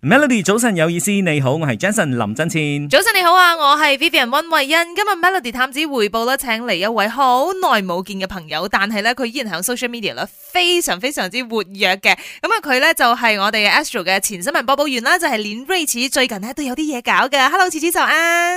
Melody 早晨有意思，你好，我係 Jason 林真千。早晨你好啊，我係 Vivian 溫慧欣。今日 Melody 探子回報啦，請嚟一位好耐冇見嘅朋友，但係咧佢依然喺 social media 咧非常非常之活躍嘅。咁啊，佢咧就係我哋嘅 Astro 嘅前新聞播報員啦，就係、是、連 Race 最近咧都有啲嘢搞嘅。Hello，次次就啊！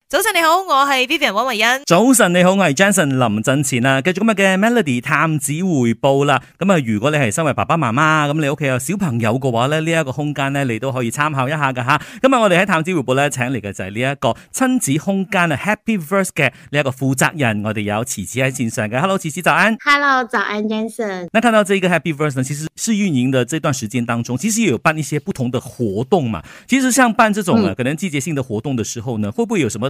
早晨你好，我係 Vivian 王維欣。早晨你好，我係 Jenson，林振前啊，繼續今日嘅 Melody 探子回報啦。咁啊，如果你係身為爸爸媽媽，咁你屋企有小朋友嘅話咧，呢、這、一個空間咧，你都可以參考一下噶吓。咁啊，我哋喺探子回報咧，請嚟嘅就係呢一個親子空間啊，Happpiverse 嘅呢一個負責人，我哋有慈子喺綫上嘅。Hello，慈子，早安。Hello，早安，Jenson。那看到呢個 Happpiverse 呢，其實是運營的這段時間當中，其實也有辦一些不同的活動嘛。其實像辦這種、啊嗯、可能季節性的活動的時候呢，會不會有什麼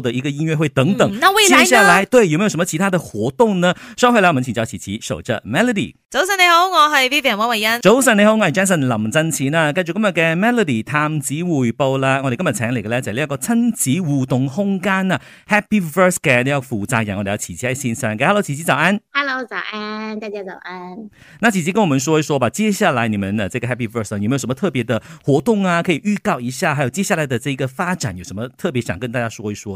的一個音樂會等等，嗯、那未來接下來對，有沒有什麼其他的活動呢？稍後來我們請教琪琪守着 Melody。早上你好，我係 Vivian 溫偉恩。早上你好，我係 Jason 林振奇呢，繼續今日嘅 Melody 探子回報啦。我哋今日請嚟嘅咧就係呢一個親子互動空間啊，Happpiverse 嘅呢個負責人，我哋有琪琪喺綫上嘅。Hello，琪琪早安。Hello，早安，大家早安。那琪琪跟我們說一說吧，接下來你們的這個 Happpiverse 有沒有什麼特別的活動啊？可以預告一下，還有接下來的這個發展有什麼特別想跟大家說一說？